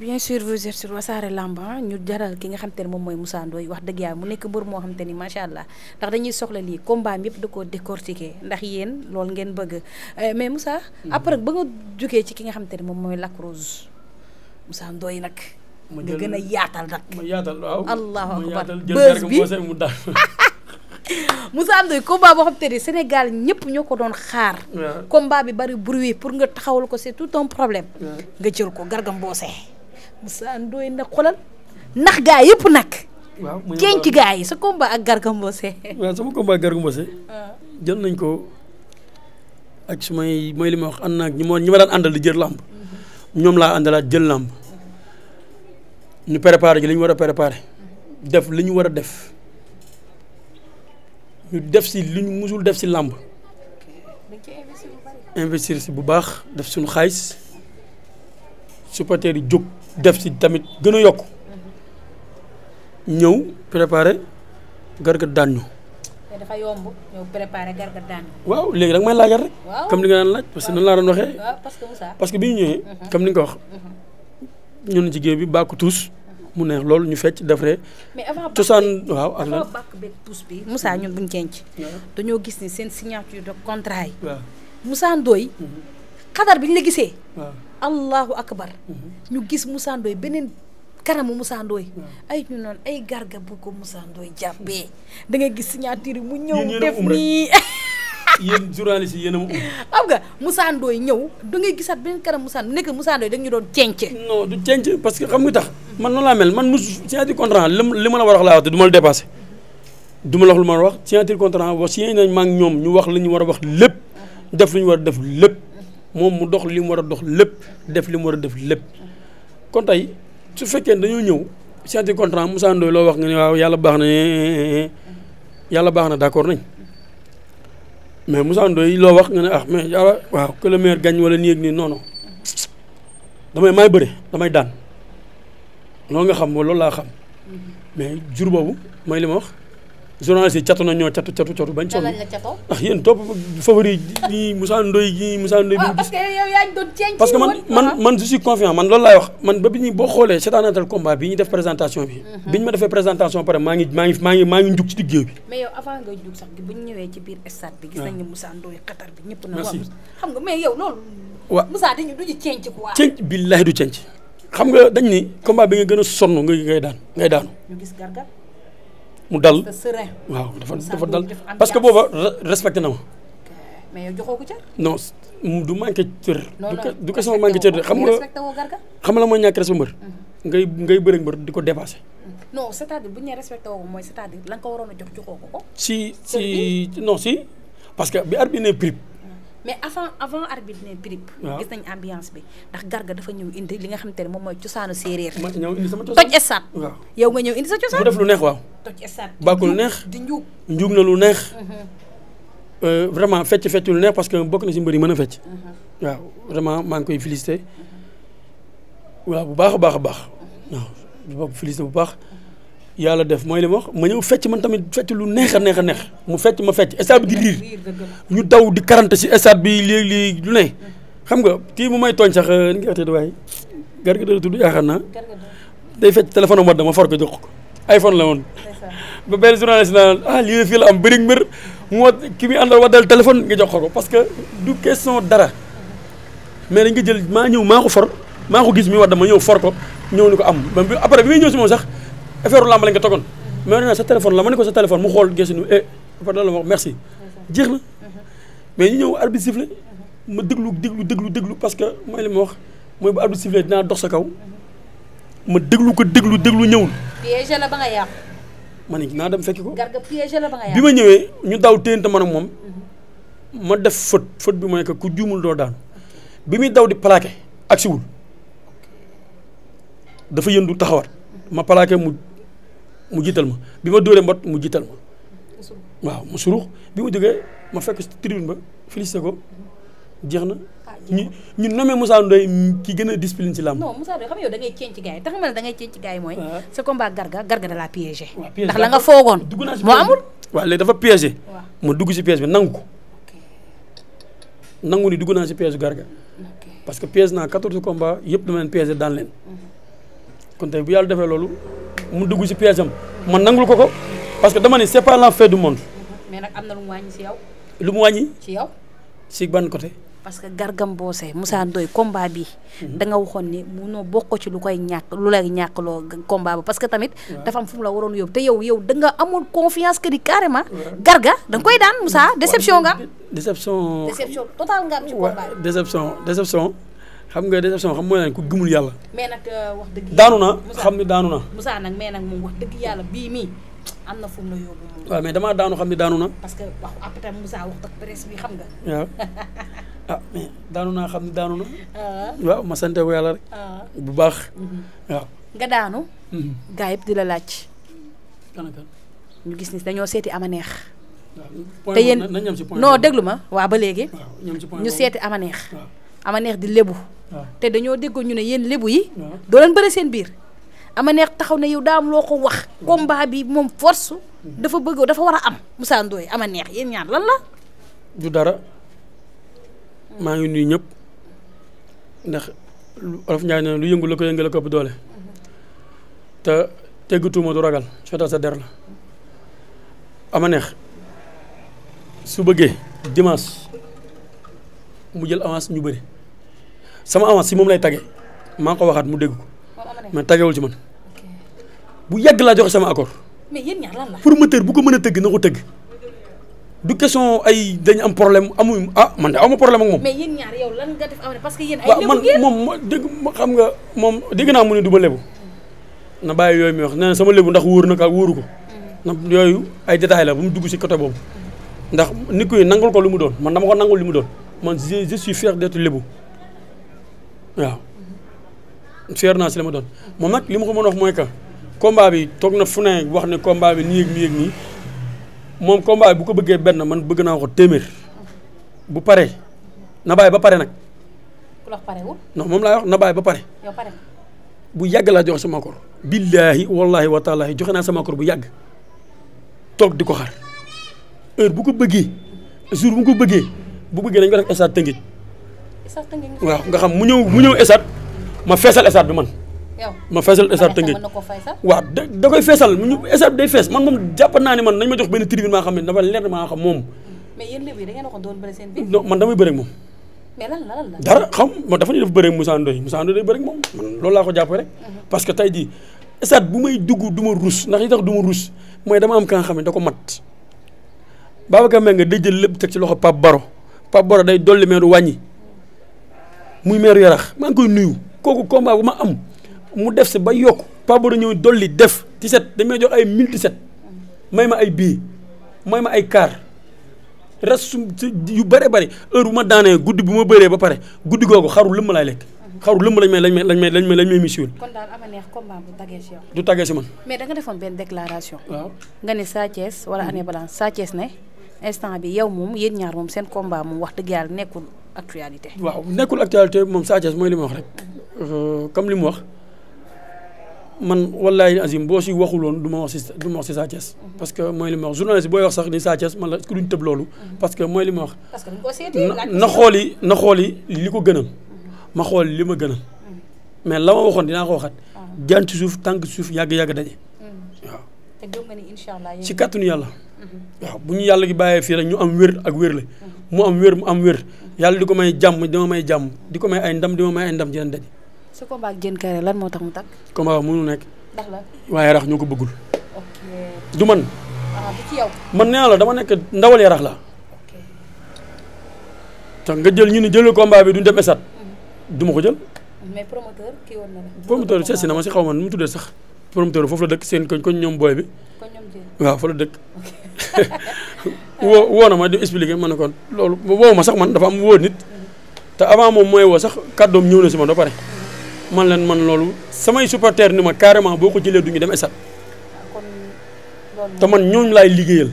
bien sûr vous êtes sur Wassare ah, ñu jaral ki nga xam te ne moom mooy Moussa Ndoye wax dëgg yàlla mu nekk mbër moo xam ni macha allah ndax dañuy soxla lii combat bi yëpp da koo décortiquer ndax yéen loolu ngeen bëgg eh, mais Moussa. Mhm. après ba nga jógee ci ki nga xam ne moom mooy Lac Rose Moussa Ndoye nag. ma jël a yaatal nag. ma yaatal waaw allahu akbar bës bi mu daal. Moussa Ndoye combat boo xam te Sénégal ñëpp ñoo ko doon xaar. combat bi bari bruit pour nga taxawal ko c'est tout un problème. nga jël ko gargam boosee. Moussa Ndoye nag xolal ndax gaa yëpp nag. waaw muy gaa yi sa combat ak Garga Mbossé. waaw sama combat ak Garga Mbossé. Ah. jël nañ ko ak su may mooy li ma wax ànd naa ak ñu ma daan àndal di jël làmb mhm. ñoom laa àndalaat jël làmb ñu préparé ji li war a préparé. def li ñu war a def ñu def si li ñu musul def si làmb investir si bu baax def suñu xaalis supporter yi jóg. def ci tamit gën a yokk ñëw préparer garga daan ñu. te dafa yomb ñëw daan waaw léegi danga may laajal rek. comme li nga daan laaj parce que nan laa doon parce que Moussa. parce bi ñu mhm. comme ni nga ko wax. Mhm. ñun jigéen bi bàkku tous mhm. mu neex loolu ñu fecc def rek. mais avant cosaan waaw ak lan bàkk beeg tuus bi Moussa ñun buñ jenc dañoo gis ni seen signature de contrat yi. waaw Moussa Ndoye. xadar bi ñu la gisee. allahu akbar mhm. ñu gis Moussa Ndoye beneen kanamu Moussa Ndoye mhm. ay ñu noonu ay garga bu ko Moussa Ndoye jàppee mhm. da ngay gis signature yi mu ñëw def nii yéen journaliste yi yéen a ma um. xam ga Moussa Ndoye ñëw da ngay gisaat beneen kanam Moussa Ndoye nekk Moussa Ndoye da nga ñu doon cenc. non du cenc parce que xam nga tax man na laa mel man mosu signature contrat li ma ma la war a wax laa wax te du ma la dépassé du ma la wax lu ma wax signature contrat wax signé nañ ma ñoom ñu wax li ñu war a wax lépp def lu ñu war a def lépp moom mu dox li mu war a dox lépp def li mu war a def lépp kon tey su fekkee dañoo ñëw seeti contrat Moussa Ndoye loo wax nga waaw yàlla baax na eh, eh, eh, yàlla baax na d'accord nañ mais Moussa Ndoye loo wax nga ne ah mais yàlla waaw que le maire gagne wala nii ak nii damay may bëre damay daan loolu nga xam loolu laa xam mm-hmm. mais jur boobu mooy li ma wax. journaliste yi catu na ñoo catu catu catu bañ. sonn ah yéen ah, parce que man man man je man loolu laay wax man ba bi ñuy boo xoolee seetaanatal combat bi ñu def présentation bi. Mhm. bi ñu ma defee présentation pare maa ngi maa ngi maa ngi maa ngi njug ci diggéew bi. mais yow avant nga njug sax bu ñëwee ci biir stade bi. gis ah. nañ ne Moussa Ndoye bi ñëpp na. merci xam nga du ñu ceeñ ci quoi. nga dañ ni combat bi nga gën a sonn nga ngay daan ngay daanu gis gargar mu dal waaw dafa dafa dal parce que booba respecté na ma. mais yow joxoo ko cër. non du manqué cër. du ko sama manqué cër de xam nga xam la mooy ñàkk respect mbër. Mhm. ngay ngay bëre mbër di ko dépassé. Mhm. non c'est-à-dire bu ñu mooy cest à ko waroon a jox joxoo ko ko. si si non si parce que bi arbitre bi nee prip mais avant avant arbitre ne brip ah. gis nañ ambiance bi ndax garga dafa ñëw indi li nga xamante ne moom mooy cosaanu séeréer cosaan toj estaat waaw yow nga ñëw indi sa cosaan mu def lu neex waaw toj estaat bàkku lu neex di njuug njuug na lu neex mhm. euh, vraiment fecc fecc lu neex parce que bokk na si mbër yi mën a fecc mhm. waaw vraiment maa ngi koy félicité waaw bu baax a baax a baax mhm. waaw bu baax bu baax yàlla def mooy li ma ma ñëw fecc man tamit fecc lu neex a neex mu fecc ma fecc stade bi di riir ñu daw di karante si stade bi léegi-léegi lu ne xam nga kii mu may tooñ sax ni euh, nga waxtee waaye garga dara tudd yaakaar naa day fecc téléphone am wadd ma for ko jox ko iPhone la woon ba benn journaliste naan ah lii fii la am bëri mbir moo ki muy àndal waddal téléphone nga jox ko parce que du question dara mais dañ nga jël maa ñëw maa ko for maa ko gis mi wadd ma ñëw for ko ñëw ni ko am ba après ñëw si moom sax affaire làmb lañ ko tegoon mais nee na sa téléphone la ma ne ko sa téléphone mu xool gëstu ni eh dafa wax merci jeex na mais ñu ñëw arbitre sifflé ma déglu déglu déglu déglu parce que mooy li ma wax mooy bu arbitre dinaa dox sa kaw ma déglu ko déglu déglu ñëwul. piégé la naa dem fekki ko. garga piégé bi ma ñëwee ñu daw téyante man ak moom ma def fët fët bi mooy que ku jumul doo daan bi muy daw di plaqué agsiwul dafa yëndu taxawat ma plaqué mu. mu jiital ma bi ma dóoree mbot mu jiital ma waaw mu surux bi mu jógee ma fekk si tribune ba félicité ko jeex na ah, ñu ñu nommé Moussa Ndoye ki gën a discipline ci làmb. non Moussa Ndoye xam nga da ngay ceeñ ci gars yi tax ngay ceeñ ci mooy. Ah. sa combat garga garga da la piégé. ndax la nga foogoon moo amul. waaw léegi dafa piégé. ma dugg si piège bi nangu ko. nangu ni dugg naa ci piège garga. parce que piège naa 14 combats yëpp dama leen piégé daan leen. Mhm. kon tey bu yàlla defee loolu mu dugg ci piège am man nangul ko ko parce que dama ne c'est pas la fin du monde. lu mu wàññi ci yow. lu mu wàññi. parce que Gargam Bossé Moussa Ndoye combat bi mhm. da nga waxoon ni munoo bokk ci lu koy ñàkk lu lay ñàkkloo combat ba parce que tamit dafa am la waroon yóbbu te yow yow da nga amul confiance que ni carrément Garga da nga koy daan Moussa déception nga am total nga am xam nga déception xam mooy naan ku gëmul yàlla. mais nag euh, wax dëgg yàlla na xam ni daanu na. mais nag moom wax dëgg yàlla bii mii am na fu mu la yóbbu mais damaa daanu xam ni daanu na. parce que wax après Moussa wax dëgg presse bi xam nga. waaw ah xam ni daanu na. Ah. ma sante ko yàlla rek. Ah. bu baax mhm. nga daanu. Mhm. gaa yëpp di laaj. kan ñu gis ni dañoo seeti ama neex. te yéen non déglu ma waaw ba léegi. ñu seeti ama neex. ama neex di lébu ah. te dañoo déggoo ñu ne yéen lébu yi ah. doo bëre seen biir ama neex taxaw ne yow daa am loo ko wax ah. combat bi moom force mm-hmm. dafa bëgg dafa war a am Moussa Ndoye ama neex yéen ñaar lan la du dara maa ngi nuyu ñëpp ndax olof lu yëngu ko yëngal doole mm-hmm. te teggatuuma du ragal la ama neex su bëggee dimanche mu jël avance ñu bëri sama avance si moom lay tage maa ko waxaat mu dégg ma mais tagewul ci man bu yàgg laa joxe sama accord. pour yéen ñaar bu ko mën a tëgg na ko tëgg du question ay dañu am problème amuñu ah man de aw ma problème ak moom. mais yéen ñaar yow lan nga parce que yéen ay lébu moom dégg xam nga moom dégg naa mu ne du ma lébu na bàyyi yooyu muy wax nee sama lébu ndax wóor na ko wooru ko mm. na yooyu ay détails la bu mu dugg si côté boobu mm. ndax nit ku nangul ko lu mu doon man dama ko nangul li mu doon man je je suis fier d'être waaw fier naa si la ma doon moom nag li ma ko mën a wax mooy que combat bi toog na fu ne wax ne combat bi nii ak nii ak nii moom combat bi bu ko bëggee benn man bëgg naa ko téeméer bu pare na bàyyi ba pare nag. ku la moom laay wax na bàyyi ba pare. bu yàgg laa joxe sama kor billaahi wallaahi wa taalaahi joxe naa sama kor bu yàgg toog di ko xaar heure bu ko bëggee jour bu ko bëggee bu bëggee dañ ko def instant tënkee. waaw nga xam mu ñëw mu ñëw esaat ma feesal esaat bi man. ma feesal esaat tëngéej waaw da da koy feesal mu ñu esaat bi day fees man moom jàpp naa ne man nañ ma jox benn tribune maa xam ne dafa leer maa moom. mais yéen léegi da ngeen bëri seen biir. xam ma dafa ñuy def bëri ak Moussa Ndoye Moussa Ndoye day bëri ak moom man loolu laa ko jàppee rek. Mhm. parce que tey jii esaat bu may dugg du ma rus ndax li tax du ma rus mooy dama am ka nga xam ne da ko mat Babacar Mbengue day jël lépp teg ci loxo Pape Baro Pape Baro day dolli meenu wàññi muy maire Yarax maa ngi koy nuyu kooku combat bu ma am mu def si ba yokk Pabara ñëw dolli def set dañ may jox ay 1017 may ma ay bii may ma ay kaar res yu bare bare heure bu ma daanee guddi bu ma bëree ba pare guddi googu xaru lëmm laay lekk. xaru lëmb lañ may lañ may lañ may lañ may lañ may misiwul. kon daal ama neex combat bu tagee si yow. du tagee si man. mais danga nga defoon benn déclaration. waaw nga ne Sa Thiès wala année balance Sa Thiès ne instant bi yow moom yéen ñaar moom seen combat moom wax dëgg yàlla nekkul. actualité. waaw nekkul actualité moom Sa mooy li ma wax rek euh, comme li mu wax man wallaahi azim boo si waxuloon du ma wax si du ma si Sa parce que mooy li ma wax journaliste booy wax sax ni Sa Thiès man la duñ tëb loolu. parce que mooy li ma wax. parce que duñ ko seeti na xooli na xooli li ko gënal. ma xool li ma gënal. mais la waxoon dinaa ko waxat jaan ci suuf tànk suuf yàgg yàgg daje. waaw te gëm nga ni incha allah yàlla. bu ñu yàlla gi bàyyee fii rek ñu am wér ak wér la mu am wér mu am wér. yàlla di ko may jàmm di ma may jàmm di ko may ay ndam di ma may ay ndam jën daje. su combat ak Diène Kaïré lan moo tax mu tàkk. combat ba mënu nekk. ndax la waaye rax ñoo ko bëggul. du man. Ah, du ci yow. man nee la dama nekk ndawal yarax la tax nga jël ñu ne jëlal combat bi duñ dem sat mm-hmm. du ko jël. mais promoteur kii na ma si xaw ma nu mu tuddee sax. promoteur foofu la dëkk seen koñ koñ ñoom booy bi. koñ ñoom la dëkk. woo woo na ma di expliquer ma ne kon loolu woowu ma sax man dafa am woo nit te avant moom mooy woo sax kàddoom ñëw na si ma ba pare man leen man loolu samay supporter ni ma carrément boo ko jëlee du ñu dem stade te man ñooñu laay liggéeyal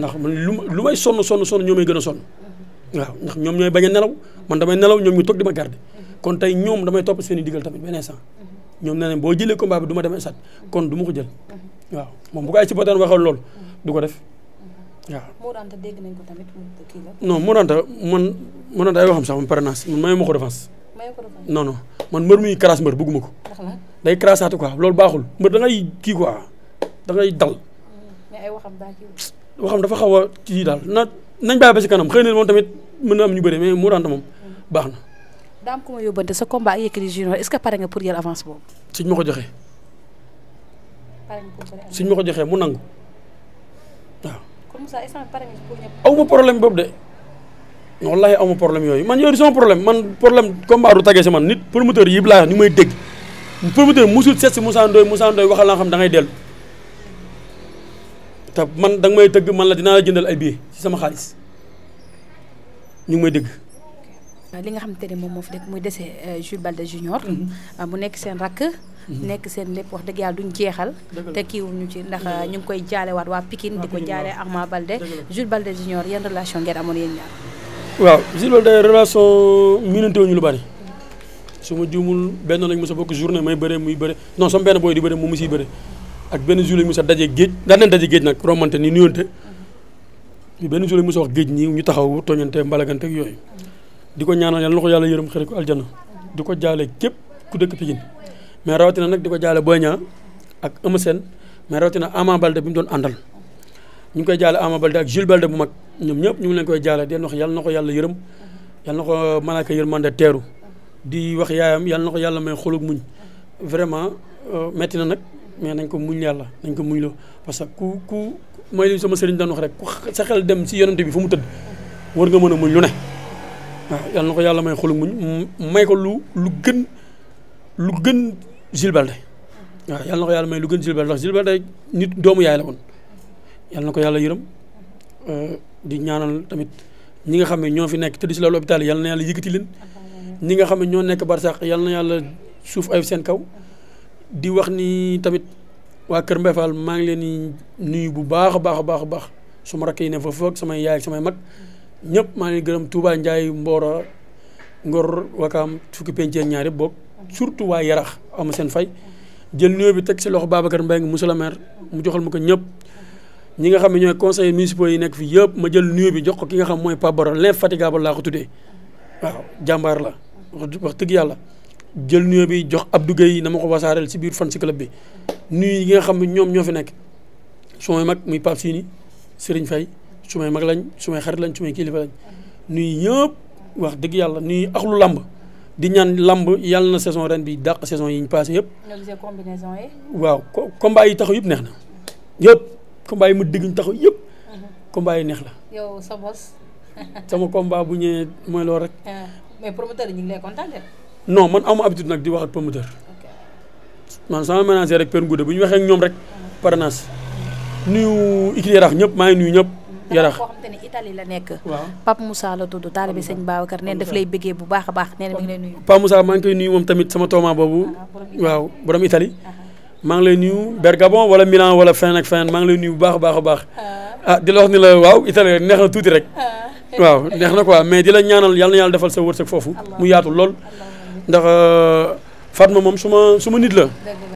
ndax man lu lu may sonn sonn sonn ñoo may gën a sonn waaw ndax ñoom ñooy bañ nelaw man damay nelaw ñoom ñu toog di ma garder kon tey ñoom damay topp seen i tamit benn instant ñoom nee nañ boo jëlee combat bi du ma dem kon du ko jël waaw moom bu ko ay supporter waxal loolu du ko def waaw Mor Anta dégg nañ ko tamit kii la. non Mor Anta man Mor Anta ay waxam sax man pare naa si man mayu ma ko défense. mayu ko man mbër muy crasse mbër bëgguma ko. day crassaatu quoi loolu baaxul mbër da kii quoi da ngay dal. Mm, waxam daa kii. waxam dafa xaw a kii daal na nañ bàyyi ba si kanam xëy na moom tamit mën na am ñu bëri mais Mor Anta moom mm. baax na. daam ko ma yóbbante sa combat ak Yékini Junior est-ce que pare nga pour jël avance boobu. suñ ma ko joxee. pare nga ma ko joxee mu nangu. Moussa instant pare nga aw ma problème boobu de non wallaahi aw ma problème yooyu man yooyu sama problème man problème combat du tagee si man nit promoteur yi laa ñu may dégg promoteur musul seet si Moussa Ndoye Moussa Ndoye waxal la nga xam da ngay dellu te man danga may tëgg man la dinaa jëndal ay billets ci sama xaalis ñu ngi may dégg. li nga xam ne moom moo fi nekk muy dese euh, Jules Balde Junior. Mm-hmm. Euh, mu nekk seen rakk. Mm-hmm. nekk seen lépp wax dëgg yàlla duñ jeexal te kiiwuñu ci ndax ñu ngi koy waat waa Pikine di ko jaale Ama Baldé Jules Baldé Junior yan relation ngeen amoon yéen ñaar waaw Jules Baldé relation miinante lu bari su ma juumul benn lañ mos bokk journée may bëre muy bëre non sama benn booy di bëre mu mu siy benn jour lañ mos a daje géej daan nañ daje géej nag romante ni nuyonte mm-hmm. benn jour lañ mos ñi ñu taxaw tooñante mbalagante ak yooyu mm-hmm. di ko ñaanal yàlla na yàlla yërëm xëri ko aljana di ko jaale képp ku dëkk Pikine mais rawatina nag di ko jaale Boy Niang ak Eumeu Sène mais rawatina Ama Baldé bi mu doon àndal ñu ngi koy jaale Ama Baldé ak Jules Baldé bu mag ñoom ñëpp ñu ngi leen koy jaale di wax yàlla ko yàlla yërëm yàlla na ko malaaka yërmande teeru di wax yaayam yàlla na ko yàlla may xolug muñ vraiment euh, metti na nag mais nañ ko muñ yàlla nañ ko muñ loo parce que ku ku mooy li sama sëriñ daan wax rek ku sa xel dem si yonante bi fu mu tëdd war nga mën a muñ lu ne waaw yàlla na ko yàlla may xolug muñ may ko lu lu gën lu gën Jules waaw yàlla na ko yàlla may lu gën Jules Balde nit doomu yaay la woon yàlla na ko yàlla yërëm euh, di ñaanal tamit ñi nga xam ne ñoo fi nekk tëdd si loolu hôpital yi yàlla na yàlla leen ñi nga xam ne ñoo nekk barsàq yàlla na yàlla suuf ayib seen kaw di wax ni tamit waa Kër Mbaye maa ngi leen di nuyu bu baax a baax a baax a baax suma rakk yi ne fa foog samay yaay ak samay mag ñëpp maa ngi gërëm Touba njaay Mboro Ngor Wakaam fukki penc ñaar yëpp bokk surtout waa yarax ama seen fay jël nuyoo bi teg si loxo Babacar Mbengue monsieur le maire mu joxal ma ko ñëpp ñi nga xam ne ñooy conseillers municipaux yi nekk fii yëpp ma jël nuyoo bi jox ko ki nga xam mooy Pape Baro l'infatigable laa ko tuddee waaw jàmbaar la wax dëgg yàlla jël nuyoo bi jox Abdou yi na ma ko wasaareel si biir fan si club bi nuyu yi nga xam ne ñoom ñoo fi nekk su may mag muy Pape Sini Serigne fay su may mag lañ su may xarit lañ su may kilifa lañ nuyu wax dëgg yàlla nuyu axlu làmb di ñaan lamb yàlla na saison ren bi dàq saison yi ñu passé yëpp. nga gisee waaw co combat yi taxaw yëpp neex na. yëpp combat yi ma dégg ñu taxaw yëpp. Mhm. combat yi neex la. yow sa sama combat bu ñëwee mooy loolu rek. Ah, mais promoteur yi non man amu habitude nag di wax ak promoteur. man sama manager rek Père Ngouda bu ñu waxee ñoom rek. Ah. parrainage nuyu Ikile Rax ñëpp maa ngi nuyu ñëpp. yarax koo xamante la nekk waaw Pape Moussa la tudd taalibi sëñ Babacar neen daf lay bëggee bu baax a baax nee na mi ngi lay nuyu Pape maa ngi koy nuyu moom tamit sama tooma boobu ah, waaw borom Italie ah, ah. maa ngi lay nuyu Bergamo wala Milan wala fenn ak fenn maa ngi lay nuyu bu baax a baax a baax ah di la wax ni la waaw Italie neex na tuuti rek waaw neex na quoi mais di la ñaanal yàlla na yàlla defal sa sa foofu mu yaatu lool ndax euh, ma moom su ma su ma nit la